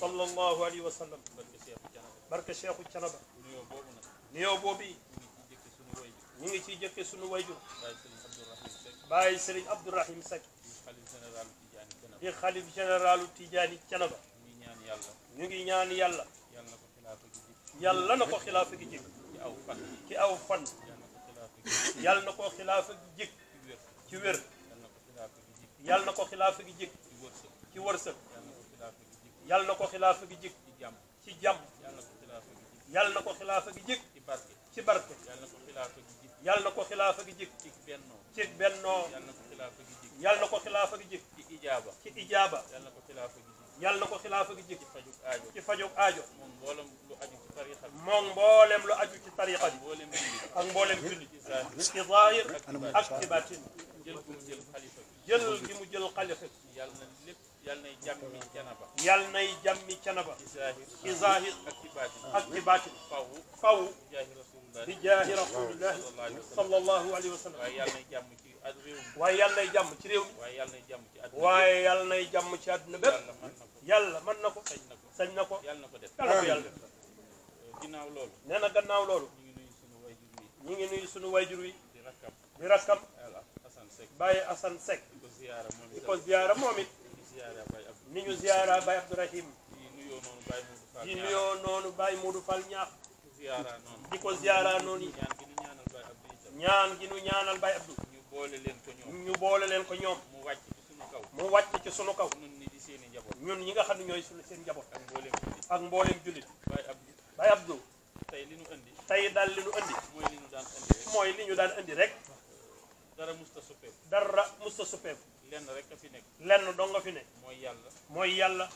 sallallahu alayhi wa sallam barke Seexu Canaba nuyoo boobu ñu ngi ciy jëkke sunu wayjur bàyyi Serigne Abdourahim Seck di xalif généralu Tijaani Canaba ñu ngi ñaan yàlla yàlla na ko xilaafa gi jëkk ci aw fan yàlla na ko xilaafa gi jëkk ci wér yàlla na ko xilaafa gi jëkk ci wërsëg yàlla na ko xilaafa gi jik ci jàmm ci jàmm yàlla na ko xilaafa gi jik yàlla na ko xilaafa gi jik ci barke ci barke yàlla na ko xilaafa gi jik yàlla na ko xilaafa gi jik ci bennoo ci bennoo yàlla na ko xilaafa gi jik yàlla na ko xilaafa gi jik ci ijaaba ci ijaaba yàlla na ko xilaafa gi jik yàlla na ko xilaafa gi jik ci fajuk aajo ci fajuk aajo moom mboolem lu aju ci tariqa bi moom mboolem lu aju ci tariqa bi ak mboolem julli ci zaahir ak ci baatin jël gi mu jël xalifa bi jël gi mu jël xalifa bi yàlla na lépp yal nay jàmmi canaba. yal nay jàmmi canaba. ci zaahir ak ci baatin faw faw bi jaahi rasulillahi sallallahu alayhi wa sallam. waaye yal nay jàmm ci réew mi. waaye yal nay jàmm ci réew mi. waaye yal nay jàmm ci àdduna waaye yal nay jàmm ci àdduna bépp. yàlla mën na ko sañ na ko sañ na ko. yàlla na ko def yàlla def. Eh, ginnaaw loolu. nee na gannaaw loolu. ñu ngi nuyu sunu wayjur wi. di rakkam di rakkam. Baye Assane Seck. di ko ziyaara ni ñu ziara Baye Abdourahim di nuyoo noonu Baye Modou Fall ñaax di ko ziara noonu yi ñaan gi nu ñaanal Baye Abdou ñu boole leen ko ñoom mu wàcc ci sunu kaw mu wàcc ci sunu kaw ñun ñi di seeni njaboot ñun ñi nga xam ne ñooy sunu seen njaboot ak mbooleem ak jullit Baye Abdou tey li ñu indi tey daal li ñu indi mooy li ñu daan indi mooy li ñu daan indi rek dara musta suppeeku dara musta suppeeku lenn rek a fi nekk. lenn dong nga fi nekk. mooy yàlla. mooy yàlla.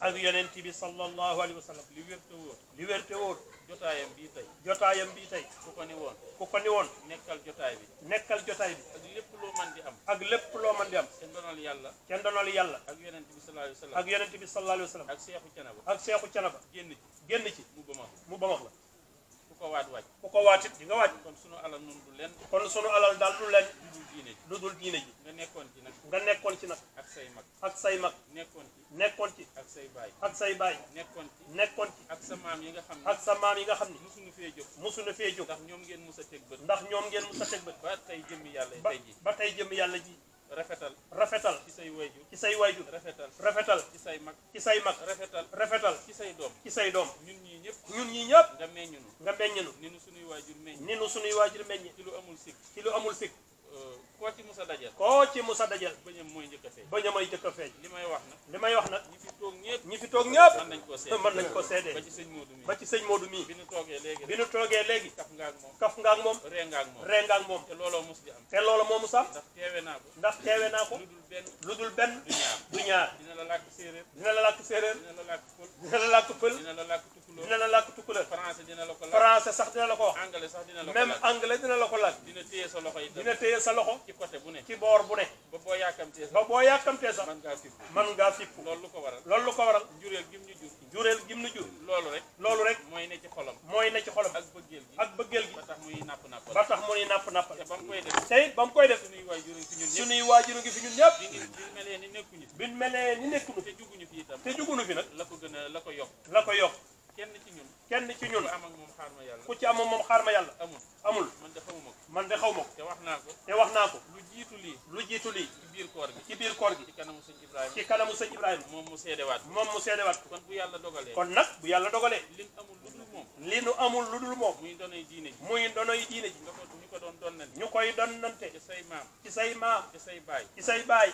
ak yonent bi sallallahu alayhi wa sallam. ak yonent bi sallallahu alayhi wa sallam. li wér te wóor. li wér te wóor. jotaayam bii tey. jotaayam bii tey. ku ko ni woon. ku ko ni woon. nekkal jotaay bi. nekkal jotaay bi. ak lépp loo mën di am. ak lépp loo mën di am. kenn doonal yàlla. kenn doonal yàlla. ak yonent bi sallallahu alayhi wa ak yonent bi sallallahu alayhi wa ak seexu canaba. ak seexu canaba. génn ci génn ci. mu bama, mu bama. max la. ku ko waat waaj ku ko waatit di nga waaj kon sunu alal nun du lenn kon sunu alal daal du lenn lu dul diine ji lu dul diine ji nga nekkoon ci nag. ak say mag ak say mag. nekkoon ci nekkoon ci. ak say baay ak say baay. nekkoon ci nekkoon ci. ak sa maam yi nga xam ne ak sa maam yi nga xam ne. mu suñu fee jóg musuñu fee jóg. ndax ñoom ngeen mu sa teg bët. ndax ñoom ngeen mus a teg bët. ba tey jëmm yàlla ji ba ba tey jëmm yàlla ji. rafetal rafetal ci say wayjur ci say wayjur rafetal rafetal ci say mag ci say mag rafetal rafetal ci say doom ci say doom ñun ñii ñëpp ñun ñii ñëpp nga meññunu nga meññunu ni nu suñuy waajur meññ ni nu suñuy waajur meññ ci lu amul sikk ci lu amul sikk euh, koo ci musa dajal koo ci musa dajal a feeñ a feeñ li may wax nag li may wax nag ñi fi toog ñëpp ñi fi toog ñëpp mën nañ koo seede mën nañ koo seede ba ci sëñ Modou mii ba ci sëñ Modou mii bi nu toogee léegi kaf nga moom ree nga moom ree looloo mos ndax teewe naa ko lu dul benn du ñaar dina la làkk séeréer dina la làkk séeréer dina la làkk pël dina sax dina la ko anglais sax dina la ko même anglais dina la ko làkk dina téye sa loxo yi dina ci boor bu ne ba boo yàkkamtee sax ba boo yàkkamtee sax ngaa fipp mën ngaa fipp loolu lu ko mooy ne ci xolam ak bëggeel gi ak bëggeel gi ba tax muy napp nappal ba tax ba mu koy def te ba mu koy def suñuy waajur ngi fi ñun ñëpp biñ melee ni nekkuñu te juguñu fi nag la ko gën a la ko yokk la ko yokk kenn ci ñun kenn ci ñun ku ci amoon moom xaar ma yàlla amul man de xaw ko te wax naa ko wax naa ko lu jiitu lii lu jiitu lii ci biir koor gi ci biir koor gi ci kanamu sëñ Ibrahima ci kanamu sëñ Ibrahima moom mu seedewaat moom mu seedewaat kon bu yàlla dogalee nag bu yàlla dogalee li nu amul lu dul moom muy donoy diine ji ko ñu ko doon donnante ñu koy donnante ci say maam ci say baay ci say baay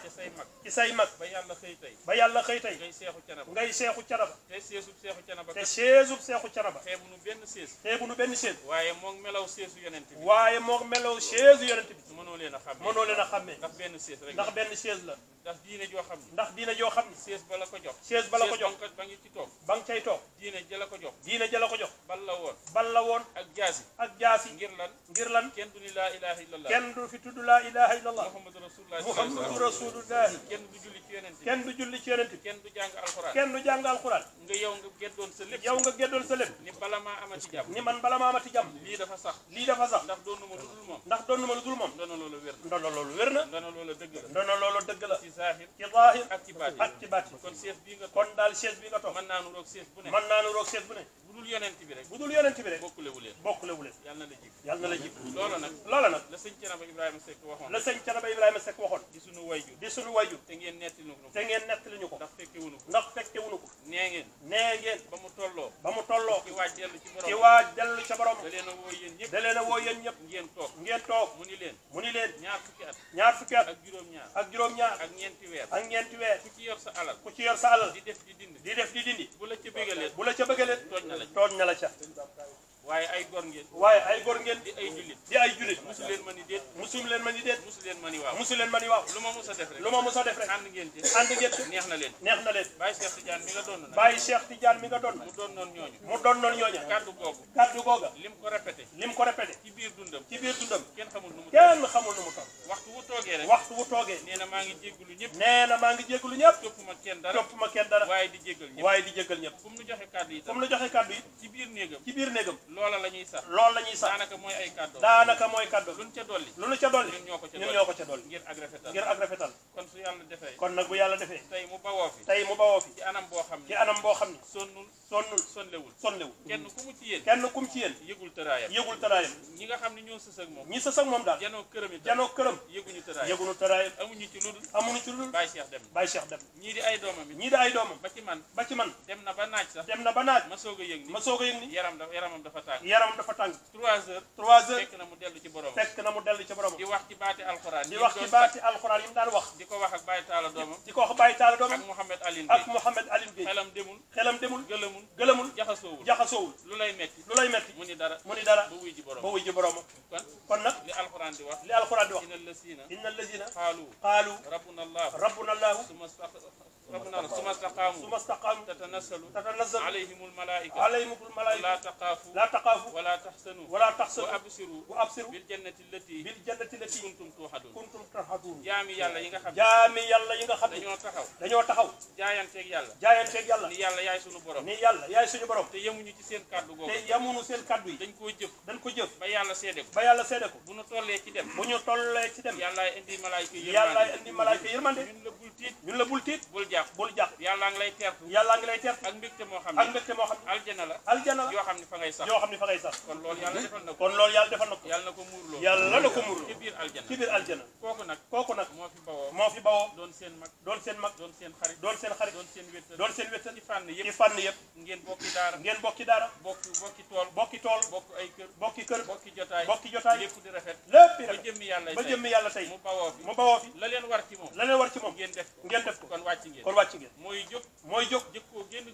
ci say mag ba yàlla xëy tey ba yàlla xëy tey ngay seexu canaba ngay seexu canaba te seesub seexu canaba seexu canaba ba xeebu nu benn sées xeebu nu benn sées waaye moog melaw séesu yonent bi waaye moog melaw séesu yonent bi mënoo leen a xàmmee mënoo leen a xàmmee ndax benn sées rek ndax benn sées la ndax diine joo xam ni ndax diine joo xam ni sees ba la ko jox sees ba la ko jox ba ngi ci toog ba nga cay toog diine ja la ko jox diine ja la ko jox bal la woon bal la woon ak jaasi ak jaasi ngir lan ngir lan kenn du ni laa ilaha illallah kenn du fi tudd laa ilaha illallah muhammadu rasulullah muhammadu rasulullah kenn du julli ci yonente kenn du julli ci yonente kenn du jàng alxuraan kenn du jàng alxuraan nga yow nga geddoon sa lépp yow nga geddoon sa lépp ni bala maa amati jàmm ni man bala maa amati jàmm lii dafa sax lii dafa sax ndax doonuma lu dul moom ndax doonuma lu dul moom ndono loolu wér na ndono loolu wér na ndono loolu dëgg la ndono loolu dëgg la zahir ci zahir ak ci baati ak ci baati kon chef bi nga kon daal chef bi nga toog mën naa nu roog chef bu ne mën naa nu roog chef bu ne bu dul yonent bi rek bu dul yonent bi rek bokkulewu leen bokkulewu leen yàlla na la jik yàlla na la jik loola nag loola nag la sëñ Canaba Ibrahima Seck waxoon la sëñ Canaba Ibrahima Seck waxoon di sunu wayju di sunu wayju te ngeen nettali ñu ko te ngeen nettali ñu ko ndax fekke wunu ko ndax fekke wunu ko nee ngeen nee ngeen ba mu tolloo ba mu tolloo ci waaj dellu ci borom ci waaj dellu ca borom da leen a woo yéen ñëpp da leen a woo yéen ñëpp ngeen toog ngeen toog mu ni leen mu ni leen ñaar fukki at ñaar fukki at ak juróom ñaar ak juróom ñaar ak ñeenti weer ak ñeenti weer ku ci yor sa alal ku ci yor sa alal di def di dindi di def di bu la ca bëggalee bu la ca bëggalee tooñ na waaye ay gor ngeen waaye ay gor ngeen di ay jullit di ay jullit musu leen ma ni déet musu leen ma ni déet musu leen ma ni waaw musu leen ma ni waaw lu ma musa def rek lu ma musa def rek ànd ngeen ci ànd ngeen ci neex na leen neex na leen bàyyi Cheikh Tidiane mi nga doon nag bàyyi Cheikh Tidiane mi nga doon mu doon noon ñooñu mu doon noon ñooñu kàddu googu kàddu googa lim ko répété lim ko répété ci biir dundam ci biir dundam kenn xamul nu mu kenn xamul nu mu toll waxtu wu toogee rek waxtu wu toogee nee na maa ngi jéggulu ñëpp nee na maa ngi jéggulu ñëpp topp ma kenn dara topp ma kenn dara waaye di jéggal ñëpp waaye di jéggal ñëpp fu mu nu joxe kàddu yi fu mu nu joxe kàddu yi ci biir néegam ci biir néegam loola la ñuy sax loolu la ñuy sax daanaka mooy ay kàddu daanaka mooy kàddu lu ñu ca dolli lu ñu ca dolli ñun ñoo ko ca dolli ngir ak rafetal ngir ak rafetal kon su yàlla defee kon nag bu yàlla defee tey mu bawoo fi tey mu bawoo fi ci anam boo xam ne ci anam boo xam ne sonnul sonnul sonlewul sonlewul kenn ku mu ci yéen yëgul tëraayam yëgul tëraayam ñi nga xam ne ñoo sës moom ñi sës ak moom daal janoo këram yi janoo këram yëguñu tëraayam yëguñu tëraayam amuñu ci ludul amuñu ay doomam ñii ba na ba naaj sax na ba naaj a yëg ni ma soog a yëg yaram dafa tàng. 3 heures 3 heures fekk na mu dellu ci borom. fekk na mu dellu ci borom. di wax ci baati alxuraan. di wax ci baati alxuraan yi mu daan wax. di ko wax ak Baye Talla doomam. di ko wax Baye Talla doomam. ak Mouhamed Aline Gueye ak Mouhamed Aline Gueye. xelam demul xelam demul. gëlëmul gëlëmul. jaxasoowul jaxasoowul. lu lay metti lu lay metti mu ni dara mu ni dara. ba wuy ji borom ba wuy ji borom. kon kon nag li alxuraan di wax. li alxuraan di wax. inna lazina. inna lazina. qaalu qaalu rabbuna allah rabbuna allah ثم استقاموا ثم استقاموا تتنزل تتنزل عليهم الملائكه عليهم الملائكه لا تخافوا لا تخافوا ولا تحزنوا ولا تحزنوا وابشروا وابشروا بالجنه التي بالجنه التي كنتم توحدون كنتم توحدون جامي يالا ييغا خا جامي يالا ييغا خا دانيو تخاو دانيو تخاو جايانتيك يالا جايانتيك يالا ني يالا ياي سونو بروم ني يالا ياي سونو بروم تي يامونو سي سين كادو غوغو تي يامونو سين كادو دنج كو جيف دنج كو جيف با يالا سيدكو با يالا سيدكو بونو تولي سي ديم بونو تولي سي ديم يالا اندي ملائكه يالا اندي ملائكه يرماندي ني لا بول تيت لا بول بول jàpp bul jàpp yàllaa ngi lay tertu yàllaa ngi lay tertu ak mbégte moo xam ne ak mbégte moo xam ne aljana la aljana la yoo xam ne fa ngay sax yoo xam ne fa ngay sax kon loolu yàlla defal na ko kon loolu yàlla defal na ko yàlla na ko muurloo yàlla na ko muurloo ci biir aljana ci biir aljana kooku nag kooku nag moo fi bawoo moo fi bawoo doon seen mag doon seen mag doon seen xarit doon seen xarit doon seen wéttal doon seen wéttal ci fànn yëpp ci fànn yëpp ngeen bokki daara ngeen bokki daara bokki bokki tool bokki tool bokk ay kër bokki kër bokki jotaay bokki jotaay lépp di rafet lépp di rafet ba jëmmi yàlla tey mu bawoo fi la leen war ci moom ngeen def ko kon wàcc ngeen kon wàcc ngeen mooy jóg mooy jóg jëkkoo génn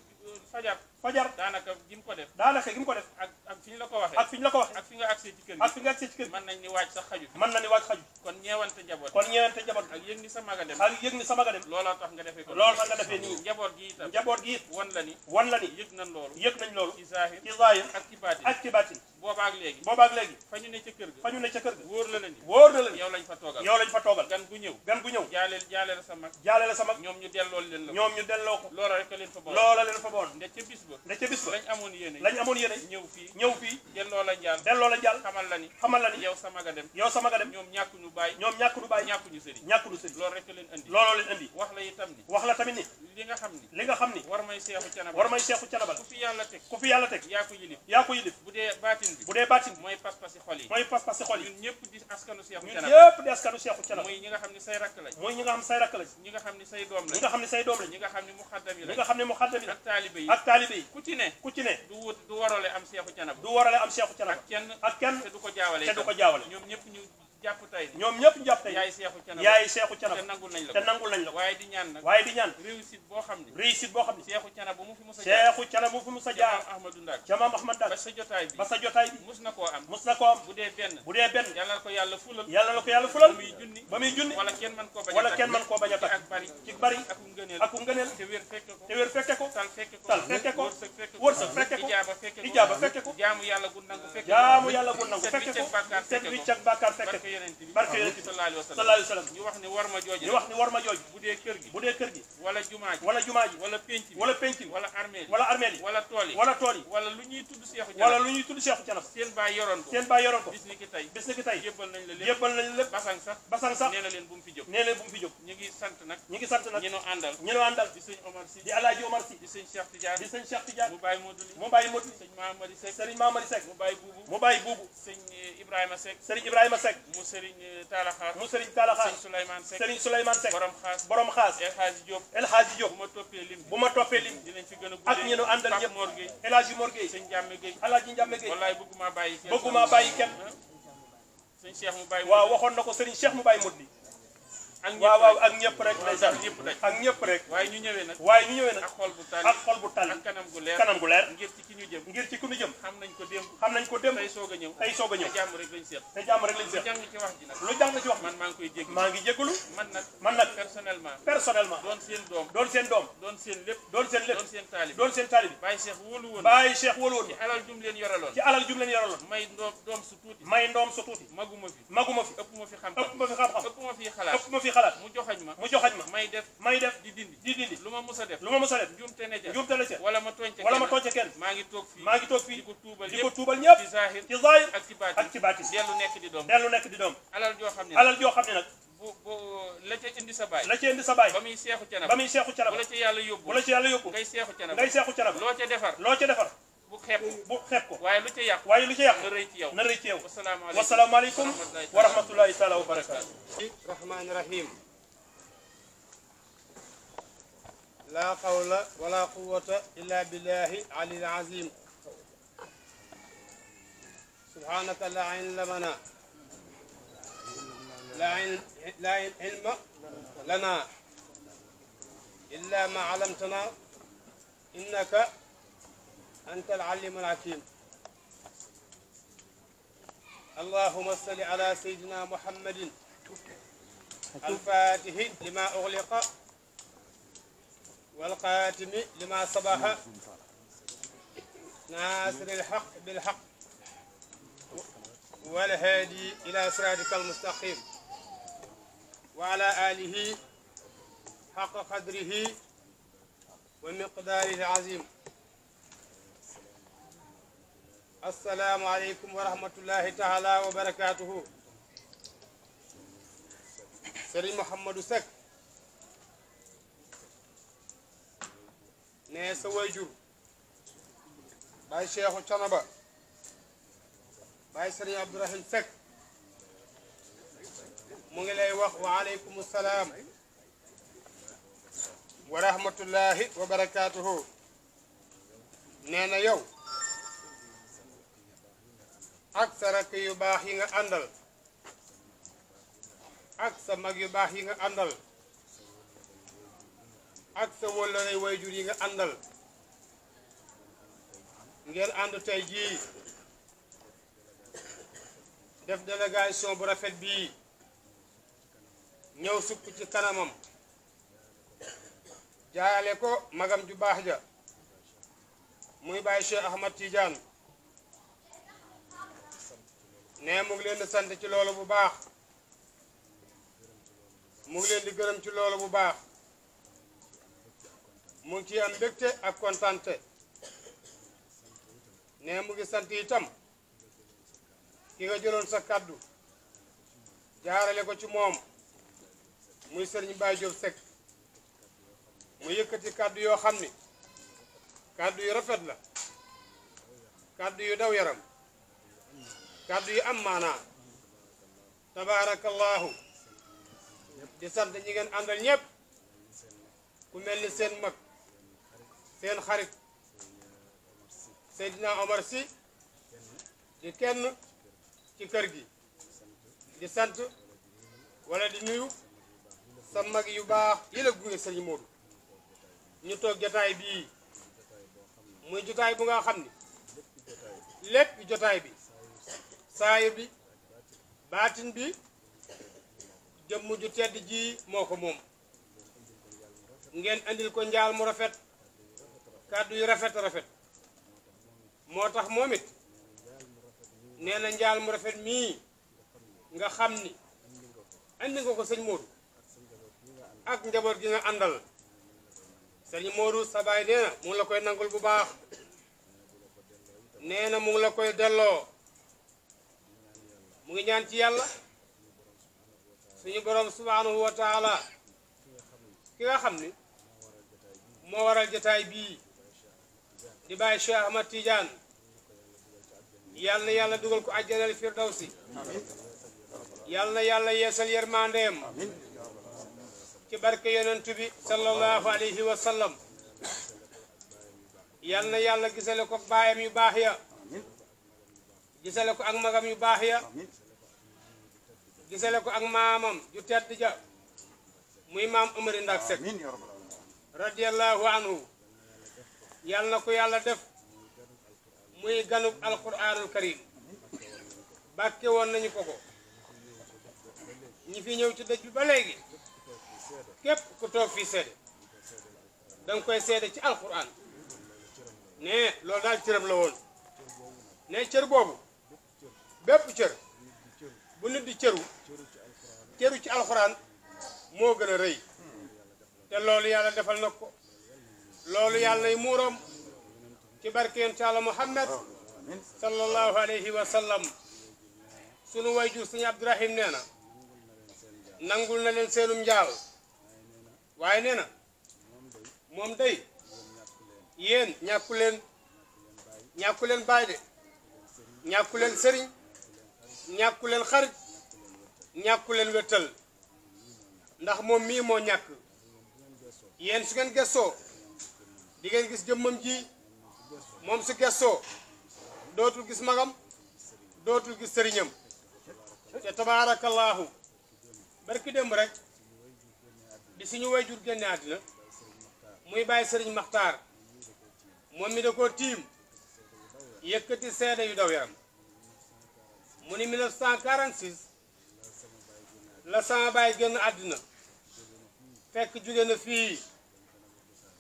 fajar fajar daanaka gi mu ko def daanaka gi mu ko def ak ak fi ñu la ko waxee ak fi ñu la ko waxee ak fi nga agsee ci kër gi ak fi nga agsee ci kër gi mën nañ ni waaj sax xaju mën na ni waaj xaju kon ñeewante njaboot kon ñeewante njaboot ak yëg ni sa maga dem ak yëg ni sa maga dem looloo tax nga defee ko loolu tax nga defee nii njaboot gi itam njaboot gi it wan la ni wan la ni yëg nañ loolu yëg nañ loolu ci zaahir ci zaahir ak ci baatin ak ci baatin boobaak léegi boobaak léegi fa ñu ne ca kër ga fa ñu ne ca kër ga wóor la la ni wóor la la ni yow lañ fa toogal yow lañ fa toogal gan gu ñëw gan gu ñëw jaaleel jaaleel sa mag jaaleel sa mag ñoom ñu delloo leen la ñoom ñu delloo ko loola rek leen fa boole loola leen fa Gabon nda ca bis ba nda ca bis ba lañ amoon yéene lañ amoon yéene ñëw fii ñëw fii delloo la njaal delloo la njaal xamal la ni xamal la ni yow sama nga dem yow sama nga dem ñoom ñàkkuñu bàyyi ñoom ñàkkuñu bàyyi ñàkkuñu sëriñ ñàkkuñu sëriñ loolu rek leen andi looloo leen andi wax la itam ni wax la tamit ni li nga xam ni li nga xam ni war may seexu canabal war may seexu canabal ku fi yàlla teg ku fi yàlla teg yaa ko yilif yaa ko yilif bu dee baatin bi bu dee baatin mooy pas-pasi xol yi mooy pas-pasi xol yi ñun ñëpp di askanu seexu canabal ñun ñëpp di askanu seexu canabal mooy ñi nga xam ni say rakk lañ mooy ñi nga xam say rakk lañ ñi nga xam ni say doom lañ ñi nga xam ni say doom lañ ñi nga xam ni muxaddam yi lañ ñi nga xam ni muxaddam yi taalibe yi ak taalibe yi ku ci ne ku ci ne du wut du am seexu canaba du warale am seexu canaba ak kenn te du ko jaawale ñoom ñëpp ñu jàpp tey ñoom yaay seexu canaba te nangul nañ la waaye di ñaan nag boo xam ne réussite boo xam ne seexu canaba mu fi mu fi musa jaar ahmad ndak ba sa jotaay bi mus na koo am mus na koo am bu dee benn bu dee ko yàlla fulal yàlla la ko yàlla fulal muy junni ba kenn mën koo bañ a a bari ci bari ak ngëneel ak te wér tal fekke ko wërsëg fekke ko ijaaba fekke ko jaamu yàlla gu nangu fekke ko jaamu yàlla gu nangu fekke ko set wicc ak bàkkaar fekke ko barke yonent bi sallallahu alayhi wa sallam ñu wax ni war ma jooju ñu wax ni war ma jooju bu dee kër gi bu dee kër gi wala jumaa ji wala jumaa ji wala penc mi wala penc mi wala armée wala armée wala tool yi wala tool yi wala lu ñuy tudd seexu wala lu ñuy tudd seexu canaf seen baay yoroon ko seen baay yoroon ko bis ni ki tey bis ni ki tey yëbbal nañ la lépp yëbbal nañ la lépp basang sax basang sax nee na leen bu mu fi jóg nee na leen bu mu fi jóg ñu ngi sant nag ñu ngi sant nag ñu nu àndal ñu nu àndal di sëñ Omar si di alaaji Omar si sëñ Cheikh Tidiane di sëñ Cheikh Tidiane mu bàyyi Moduli mu bàyyi Moduli sëñ Mahamadi Seck sëriñ Mahamadi Seck mu bàyyi Boubou mu bàyyi Boubou sëñ eh, Ibrahima Seck sëriñ Ibrahima Seck mu sëriñ eh, Talaxaas mu sëriñ Talaxaas sëñ Souleymane Seck sëriñ Souleymane Seck borom xaas borom xaas El Hadji bu ma toppee lim bu ma toppee lim dinañ fi gën a ak ñenu àndal ñëpp Mor Gueye El Hadji Mor Gueye sëñ Ndiamé Gueye El Hadji Ndiamé Gueye bàyyi kenn bëgguma bàyyi na ko sëriñ Cheikh mu bàyyi Moduli ak ñëpp waaw waaw ak ñëpp rek. ndeysaan ak ñëpp rek. waaye ñu ñëwee nag. waaye ñu ñëwee nag. ak xol bu tàlli ak xol bu tàlli. ak kanam gu leer kanam gu leer. ngir ci ki ñu jëm. ngir ci ku ñu jëm. xam nañ ko démb. xam nañ ko démb tey soog a ñëw. tey soog a ñëw te jàmm rek lañ seet. te jàmm rek lañ seet lu jàng ci wax ji nag. lu jàng ci wax man maa ngi koy jégalu. maa ngi jégalu. man nag man nag personnellement. personnellement doon seen doom. doon seen doom. doon seen lépp. doon seen lépp doon seen taalib. doon seen taalib. bàyyi Cheikh wóolu woon. bàyyi Cheikh wóolu woon. ci alal jum leen yoraloon. ci alal jum leen yoraloon. may ndoom doom su tuuti. may ndoom su tuuti. maguma fi maguma fi ëpp ma fi xam-xam ëpp ma fi xam-xam ëpp ma fi xalaat xalaat mu joxañ ma mu joxañ ma may def may def di dindi di dindi lu ma mës a def lu ma mës a def njuumte ne ca njuumte ne ca wala ma tooñ ca wala ma tooñ ca kenn maa ngi toog fii maa ngi toog fii di ko tuubal di ko tuubal ñëpp ci zahir ci zahir ak ci baatin ak ci baatin dellu nekk di doom dellu nekk di doom alal joo xam ne alal joo xam ne nag bu bu la ca indi sa baay la ca indi sa baay ba muy seexu canab ba muy seexu canab bu la ca yàlla yóbbu bu la ca yàlla yóbbu ngay seexu canab ngay seexu canab loo ca defar loo ca defar السلام عليكم ورحمة الله تعالى وبركاته. الرحمن الرحيم. لا قول ولا قوة إلا بالله العلي العظيم. سبحانك لا عين لنا لا علم لنا إلا ما علمتنا إنك أنت العليم العكيم اللهم صل على سيدنا محمد الفاتح لما أغلق والقاتم لما صباح ناصر الحق بالحق والهادي إلى صراطك المستقيم وعلى آله حق قدره ومقداره العظيم السلام عليكم ورحمة الله تعالى وبركاته Serigne Mouhamadou Seck ne sa wayjur Baye Cheikhou Canaba Baye Serigne Abdourahim Seck mu ngi lay wax wa aleykum salaam wa rahmatullahi wa barakatuhu nee na yow ak sa rakk yu baax yi nga àndal ak sa mag yu baax yi nga àndal ak sa wëllëre wayjur yi nga àndal ngeen ànd tey jii def délégation bu rafet bii ñëw sukk ci kanamam jaayale ko magam ju baax ja muy bàyyi Cheikh Ahmad Tidiane nee mu ngi leen di sant ci loolu bu baax mu ngi leen di gërëm ci loolu bu baax mu ngi ciy am mbégte ak kontante nee mu ngi sant itam ki nga jëloon sa kàddu jaarale ko ci moom muy sëriñ Baye Diop Seck mu yëkkati kàddu yoo xam ni kàddu yu rafet la kàddu yu daw yaram kàddu yu am maanaa tabaarakallaahu di sant ñi ngeen àndal ñëpp ku mel ni seen mag seen xarit Seydina Omar Sy di kenn ci kër gi di sant wala di nuyu sa mag yu baax yi la gunge sëñ Modou ñu toog jotaay bii muy jotaay bu nga xam ni lépp jotaay bi saayir bi batin bi jëmm ju tedd ji moko mom ngeen andil ko njaal mu rafet kaddu yu rafet rafet motax momit neena it njaal mu rafet mi nga xamni andi nga ko seigne Modou ak njaboot gi nga andal seigne Modou sa baay mu la koy nangul bu baax neena mu la koy delo mu ngi ñaan ci yàlla suñu borom subhanahu wa taala ki nga xam ni moo waral jataay bii di bàyyi Cheikh Ahmad Tidiane yàlla na yàlla dugal ko àjjanal firdawsi yàlla na yàlla yeesal yërmandeem ci barke yonent bi sallallahu alayhi wa sallam yàlla na yàlla gisale ko baayam yu baax ya gisale ko ak magam yu baax ya ko ak maamam ju tedd ja muy maam Amari Ndak Seck radiyallahu anhu yal na ko yàlla def muy ganub alquranul karim bàkke woon nañu ko ko ñi fi ñëw ci dëj bi ba léegi képp ku toog fii seede danga koy seede ci alquran ne loolu daal cërëb la woon ne cër boobu bépp cër bu nit di cëru cëru ci alxuraan moo gën a rëy te loolu yàlla defal na ko loolu yàlla nay muuroom ci barkeen taala muhammad sallallahu alayhi wa sallam sunu wayjur sëñ Abdourahim nee na nangul na leen seenum njaal waaye nee na moom day yéen ñàkku baay de ñàkku sëriñ ñàkku leen xarit ñàkku leen wéttal ndax moom mii moo ñàkk yéen su ngeen gestoo di ngeen gis jëmmam ji moom su gestoo dootul gis magam dootul gis sëriñam te tabaarakallaahu barki démb rek di suñu wayjur génne àddina muy bàyyi sëriñ maxtaar moom mi da koo tiim yëkkati seede yu daw yaram mu ni 1946 la sama baay génn àddina fekk jóge na fii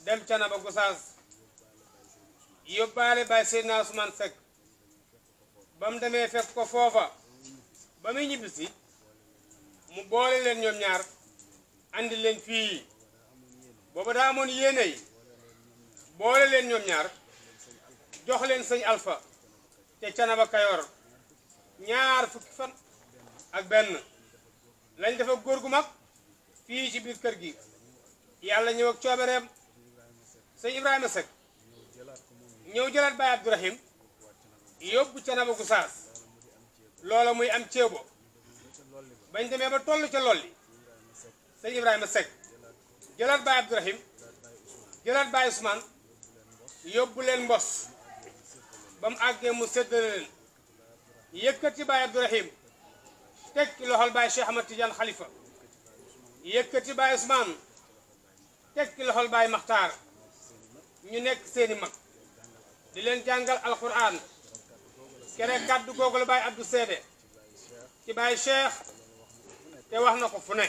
dem Canaba Gosaas yóbbaale baay Seydina Ousmane Seck ba mu demee fekk ko foofa ba muy ñibbisi mu boole leen ñoom ñaar andi leen fii booba daa amoon yéene boole leen ñoom ñaar jox leen sëñ alfa te Canaba Kayor ñaar fukki fan ak benn lañ dafa góor gu mag fii ci biir kër gi yàlla ñëw ak coobereem sëñ Ibrahima Seck ñëw jëlaat Baye Abdourahim yóbbu ca nama gu saas loola muy am ceebo bañ demee ba toll ca lool li sëñ Ibrahima Seck jëlaat Baye Abdourahim jëlaat Baye Ousmane yóbbu leen mbos ba mu àggee mu séddale leen yëkkati Baye Abdourahim teg ci loxol Baye Cheikh Ahmad Tidiane Khalifa yëkkati Baye Ousmane teg ci loxol Baye Makhtar ñu nekk seeni mag di leen jàngal alquran kere kàddu googu la Baye Abdou Seede ci Baye Cheikh te wax na ko fu ne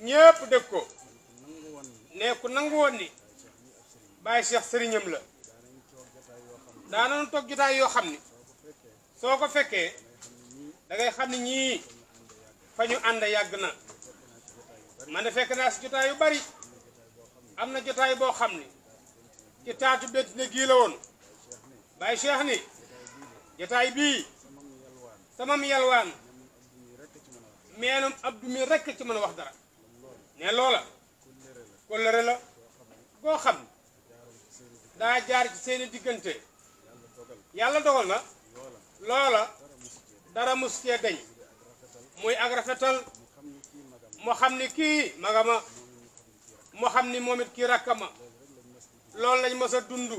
ñépp dégg ko ne ku nangu woon ni Baye Cheikh sëriñam la daanañu toog jotaay yoo xam ni soo ko fekkee da ngay xam ne ñii fa ñu ànd yàgg na man de fekk naa si jotaay yu bari am na jotaay boo xam ni ci taatu bét ne gii la woon Baye Cheikh ni jotaay bii sama mu yalwaan meenam Abdu mi rekk ci mën a wax dara ne loola kóllëre la boo xam daa jaar ci seeni diggante yàlla dogal na loola dara mus cee dañ muy ak rafetal mu xam ni kii magama mu xam ni moom it kii rakkama loolu lañ mës a dund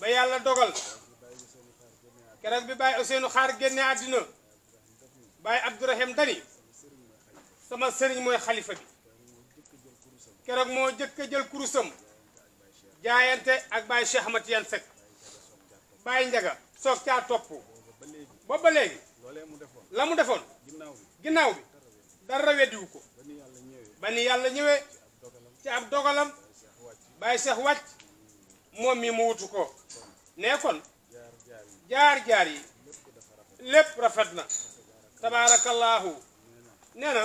ba yàlla dogal keroog bi bàyyi Ousseynou Xaar génne àddina bàyyi Abdourahim dani sama sëriñ mooy xalifa bi keroog moo jëkk a jël kurusam jaayante ak bàyyi Cheikh Ahmad Tidiane bàyyi njaga soog caa topp ba léegi la mu defoon ginnaaw bi dara weddiwu ko ba ni yàlla ñëwee ci ab dogalam bàyyi seex wàcc moom mi mu wutu ko ne kon jaar-jaar yi lépp rafet na tabaarakallaahu nee na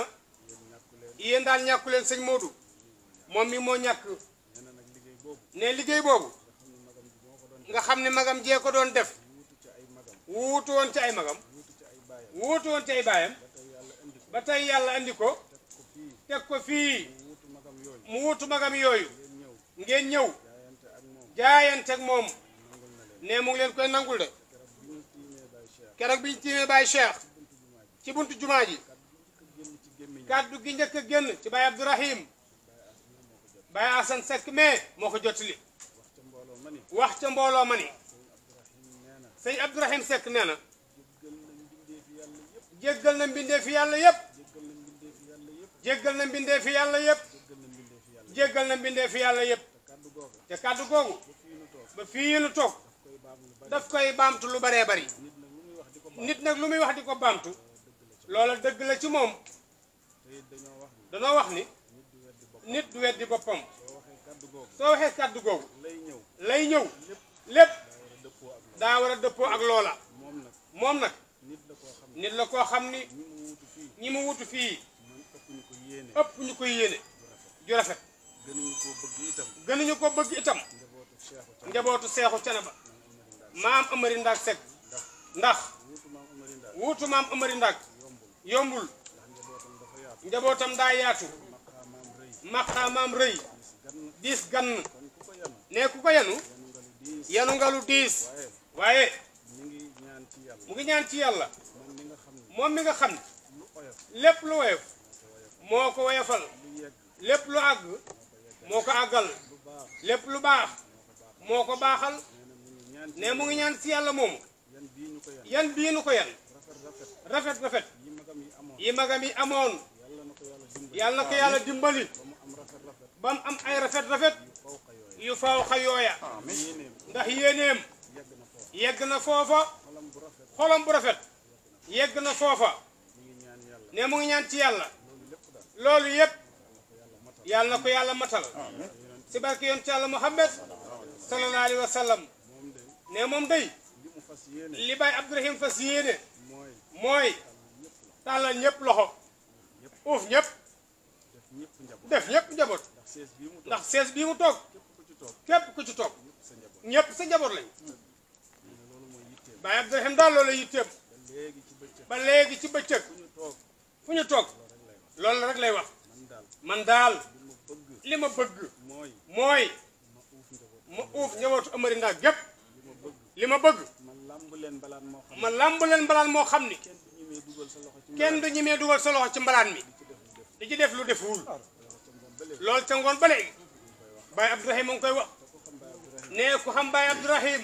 yéen daal ñàkku leen sëñ Modou moom mi moo ñàkk ne liggéey boobu nga xam ne magam jee ko doon def wuutu woon ci ay magam wuutu woon ci ay baayam ba tey yàlla andi ko teg ko fii mu wuutu magam yooyu ngeen ñëw jaayante ak moom ne mu ngi leen koy nangul de keroog bi ñu tiimee Baye Cheikh ci buntu jumaa ji kàddu gi njëkk a génn ci Baye Abdourahim Baye Assane Seck mais moo ko jottali wax ca mbooloo ma ni sëñ Abdourahim Seck nee na jéggal na mbindee fi yàlla yépp jéggal na mbindee fi yàlla yépp jéggal na mbindee fi yàlla yépp te kàddu googu ba fii nu toog daf koy baamtu lu baree bari nit nag lu muy wax di ko baamtu loola dëgg la ci moom danoo wax ni nit du weddi boppam soo waxee kàddu googu lay ñëw lépp daa war a dëppoo ak loola. moom nag nit la koo xam ni ñi mu wutu fii ëpp ñu koy yéene ju rafet. gënuñu ko bëgg itam. ko bëgg itam. njabootu seexu canaba. maam Amary Ndaak set ndax wuutu maam Amary Ndaak yombul njabootam daa yaatu maqaamaam rëy diis gann ne ku ko yanu yanu ngalu diis waaye mu ngi ñaan ci yàlla mu ngi ñaan ci yàlla moom mi nga xam ne lépp lu woyof moo ko woyofal lépp lu àgg moo ko àggal lépp lu baax moo ko baaxal ne mu ngi ñaan ci yàlla moomu yan bii nu ko yan rafet rafet yi magam yi amoon yàlla ko yàlla dimbali ba mu am ay rafet rafet yu faw xa yooya ndax yéeneem yegg na foofa xolam bu rafet yegg na foofa ne mu ngi ñaan ci yàlla loolu yëpp yàlla na ko yàlla matal si barke yoon ci yàlla Muhammad sallallahu alayhi wa sallam ne moom day li Baye fas yéene mooy tàllal ñëpp loxo uuf ñëpp def ñëpp njaboot ndax sees bii mu toog képp ku ci toog ñëpp sa njaboot lañu Baye Abdourahim daal loola yitteem ba léegi ci bëccëg fu ñu toog loolu rek lay wax man daal li ma bëgg mooy ma uuf njabootu Amari Ndaak gépp li ma bëgg ma làmb leen mbalaan moo xam ni kenn du ñemee dugal sa loxo ci mbalaan mi di ci def lu deful loolu ca ngoon ba léegi Baye Abdourahim mu ngi koy wax nee ku xam Baye Abdourahim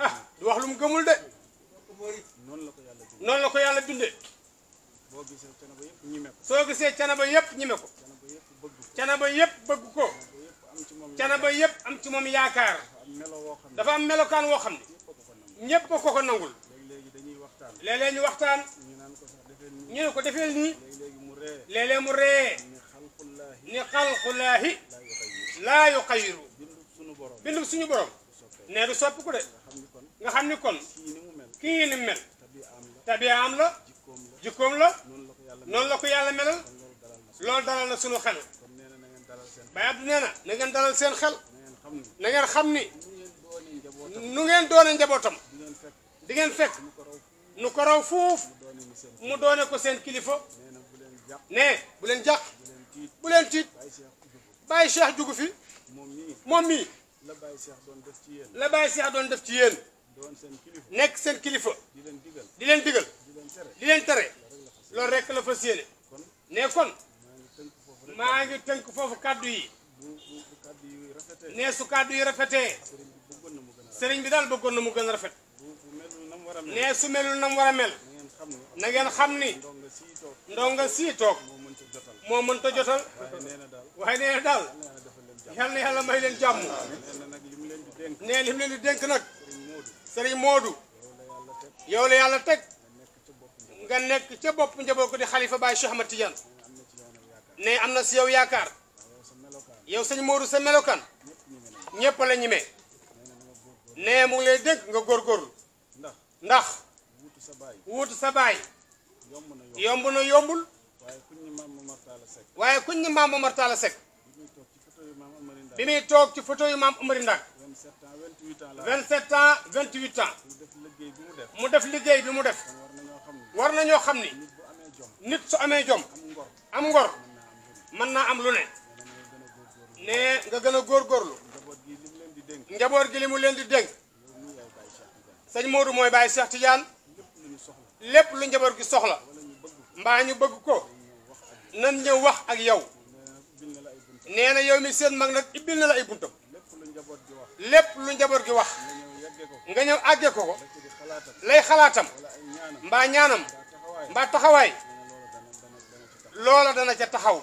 ah du wax lu mu gëmul de. noonu la ko yàlla bindee la ko yàlla bindee. boo gisee canaba yëpp ñime soo gisee canaba yëpp ñime ko. canaba yëpp bëgg ko. canaba yëpp bëgg ko. yëpp am ci moom yaakaar. dafa am melokaan woo xam ne. ñëpp ko ko nangul. léeg-léeg dañuy waxtaan. léeg ñu waxtaan. ñu ne ko defeel nii. léeg mu ree. ni xalqulaahi laa yuxayiru. bindu suñu borom. nee du soppi ko de. nga xam ni kon kii ni mel tabiaam la jikkoom la noonu la ko yàlla melal loolu dalal na sunu xel baay Abdu nee na na ngeen dalal seen xel na ngeen xam ni nu ngeen doone njabootam di ngeen fekk nu ko raw foofu mu doone ko seen kilifa ne bu leen jàq bu leen tiit bàyyi Cheikh jugu fi moom mii la bàyyi Cheikh doon def ci yéen nekk seen kilifa di leen digal di leen tere loolu rek la fas yéene ne kon maa ngi tënk foofu kàddu yi ne su kàddu yi rafetee sëriñ bi daal bëggoon na mu gën a rafet ne su melul na mu war a mel na ngeen xam ni nga sii toog moo mënta jotal waaye nee na daal yal na yàlla may leen jàmm nee lim leen di dénk nag sëriñ Modou yow la yàlla teg nga nekk ca bopp njaboot ko di xalifa Baye Cheikh Ahmad Tidiane ne am na si yow yaakaar yow sañ Modou sa melokaan ñëpp la ñime ne mu lay dégg nga góorgóorlu ndax wuutu sa baay yomb na yombul waaye kuñ ni maam Momar Talla Seck bi muy toog ci photo yu maam Amari Ndak 27 ans 28 ans la 27 ans 28 ans. mu def liggéey bi mu def. mu def liggéey bi mu def. war nañoo xam ni. nit su amee jom. am ngor man naa am lu ne. ne nga gën a góor góorgóorlu. njaboot gi li mu leen di dénk. sëñ Modou mooy Baye Cheikh Tidiane. lépp lu njaboot gi soxla. mbaa ñu bëgg ko. nan ñëw wax ak yow. nee na yow mi seen mag nag ibbil na la ay buntam. lépp lu njaboot gi wax nga ñëw àggee ko ko lay xalaatam mbaa ñaanam mbaa taxawaay loola dana ca taxaw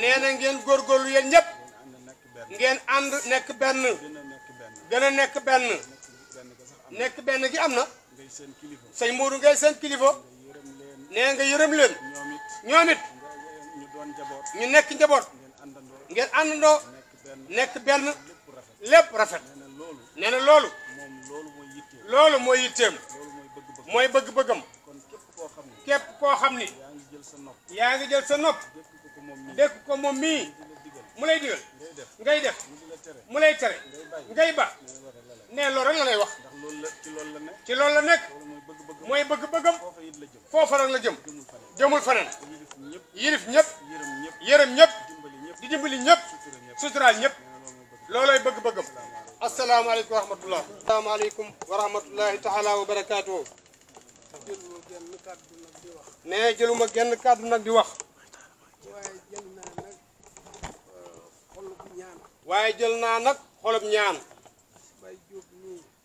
nee na ngeen góorgóorlu yéen ñëpp ngeen ànd nekk benn gën a nekk benn nekk benn gi am na sëñ Moodu ngay seen kilifa nee nga yërëm leen ñoom it ñu nekk njaboot ngeen àndandoo nekk benn. lépp rafet nee na loolu loolu mooy yitteem mooy bëgg-bëggam képp koo xam ni yaa ngi jël sa nopp dégg ko moom mii mu lay digal ngay def mu lay tere ngay ba nee loolu rek la lay wax ci lool la nekk mooy bëgg-bëggam foofa rek la jëm jëmul faneen yilif ñëpp yërëm ñëpp di dimbali ñëpp suturaal ñëpp loolay bëgg-bëggam asalaamaaleykum wa rahmatullah asalaamaaleykum wa rahmatullahi taala wa barakaatu ne jëluma genn kàddu nag di wax waaye jël naa nag xolub ñaan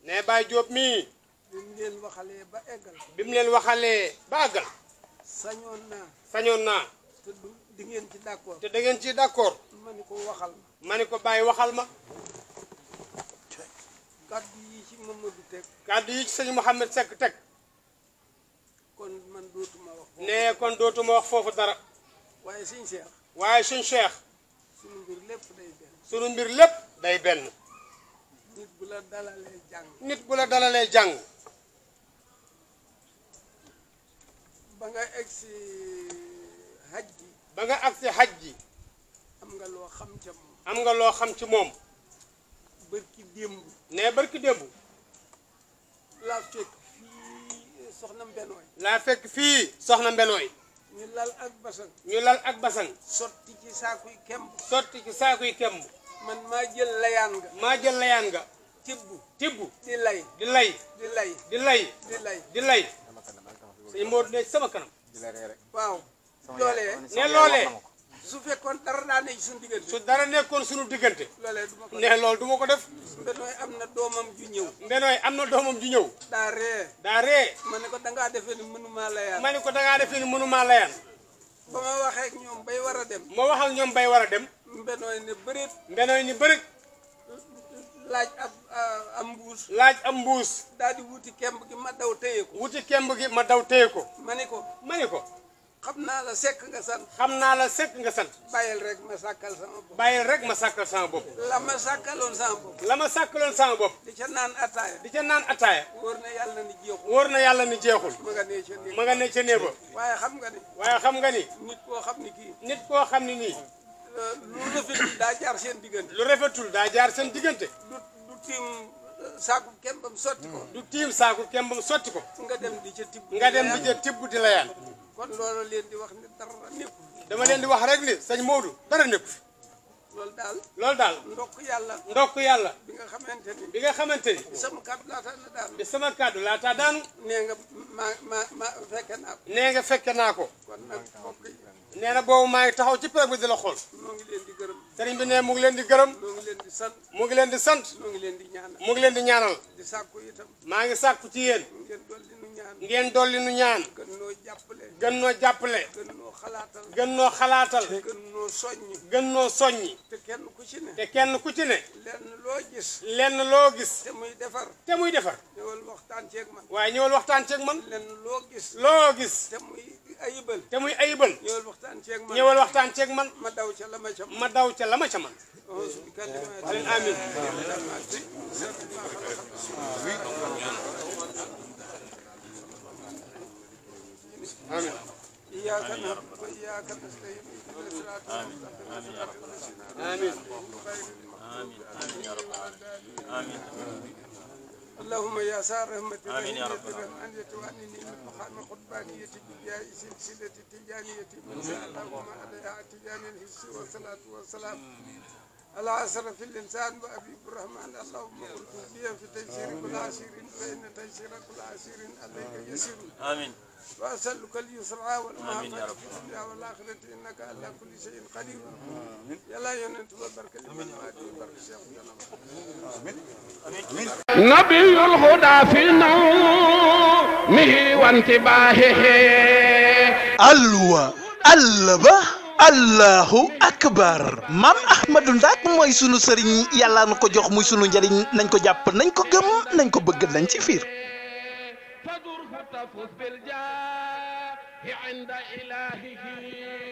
ne Baye Diop mii bi mu leen waxalee ba eggal bi mu leen waxalee ba eggal sañoon naa sañoon naa te du di ngeen ci d'accord te da ngeen ci d'accord ma ni ko waxal maniko baye waxal ma kaddu yi ci Mamadou tek kaddu yi ci sëñ mohammed sek tek kon man dootuma wax ne kon dootuma wax fofu dara waye sëñ Cheikh waye sëñ Cheikh sunu mbir lepp day ben sunu mbir lepp day ben nit bu la dalale jang nit bu la dalale jang ba nga exi hajji ba nga exi hajji am nga lo xam ca am nga loo xam ci moom. barki démb. nee barki démb. laa fekk fii soxna laa fekk fii soxna Mbenooy. ñu lal ak basan. ñu lal ak basan. sotti ci saakuy kemb. sotti ci saakuy kemb. man maa jël layaan nga. maa jël layaan nga. tibb tibb. di lay di lay. di lay di lay. di lay di lay. sëñ ne sama kanam. di lay waaw. loolee ne loolee. su fekkoon dara daa ne suñu diggante. su dara tiga suñu nih loolee du ma ko def ne loolu du ma ko def. mbenooy am na doomam ju ñëw. mbenooy am na doomam ju ñëw. daa ree. daa ree. ma ne ko dangaa defee ni mënumaa layaan. ma ne ko dangaa defee ni mënumaa layaan. ak bay dem. ma wax ak bay dem. mbenooy ne bëreet. mbenooy ne bëreet. laaj ab ah, am mbuus. laaj am mbuus. daal di wuti kemb gi ma daw téye ko. wuti kemb gi ma daw ko. ma ko ma ko. xam naa la sekk nga sant. xam naa la sekk nga sant. bàyyil rek ma sàkkal sama bopp. bàyyil rek ma sàkkal sama bopp. la ma sàkkaloon sama bopp. la ma sàkkaloon sama bopp. di ca naan ataaya. di ca naan ataaya. wóor na yàlla ni jeexul. wóor na yàlla ni jeexul. ma nga nee ca néeg ma nga nee ca néeg ba. waaye xam nga ni. waaye xam nga ni. nit koo xam ni kii. nit koo xam ni nii. lu rafetul daa jaar seen diggante. lu rafetul daa jaar seen diggante. du du tiim. Euh, saaku kembam sotti ko. du tiim saaku kembam sotti ko. nga dem di ca tibb. nga dem di ca tibb di la yaan kon loolu leen di wax ne dara nekkul. dama leen di wax rek ni sëñ Modou dara nekkul. loolu daal loolu daal. ndokk yàlla. ndokk yàlla. bi nga xamante ni. bi nga xamante ni. sama kàddu laataa la daanu. sama kàddu laataa daanu. nee nga ma ma ma fekke naa ko. nee nga fekke naa ko. kon nag mbokk yi. nee na boobu maa ngi taxaw ci pegg bi di la xool. mu ngi leen di gërëm. mu ngi leen di gërëm. mu ngi leen di sant. mu ngi leen di sant. mu ngi leen di ñaanal. di ñaanal. di maa ngi sàkku ci yéen. ngeen dolli nu ñaan. noo jàppale. gën noo jàppale. gën noo xalaatal. gën noo xalaatal. gën noo soññi. te kenn ku ci ne. te kenn ku ci ne. lenn loo gis. lenn loo gis. te muy defar. te muy defar. ñëwal waxtaan ceeg man. waaye ñëwal waxtaan ceeg man. loo gis. loo gis. te muy ayibal. te muy ayibal. ñëwal waxtaan ceeg man. ñëwal waxtaan man. ma daw ca la ma ca man. ma daw ca la ma ca man. آمين إياك نعبد وإياك نستعين اهدنا الصراط المستقيم صراط الذين آمين آمين آمين يا رب العالمين آمين اللهم يا سارهم آمين يا رب العالمين أن يتوانني من مقام قربانية بجاء سلسلة تجانية من شاء اللهم عليها تجاني الحس والصلاة والسلام العسر في الإنسان وأبي الرحمن اللهم قل في تيسير كل عسير فإن تيسير كل عسير عليك يسير آمين وأسألك اليسرى والمهمة في الدنيا والآخرة إنك على كل شيء قدير يا لا ينت وبرك لمن وبرك الشيخ نبي الهدى في نومه وانتباهه ألوى ألبه الله akbar مام ahmadu ndak moy sunu serigne yalla nako jox muy sunu njariñ nañ ko japp nañ ko gëm nañ ko bëgg تفوز بالجاه عند إلهه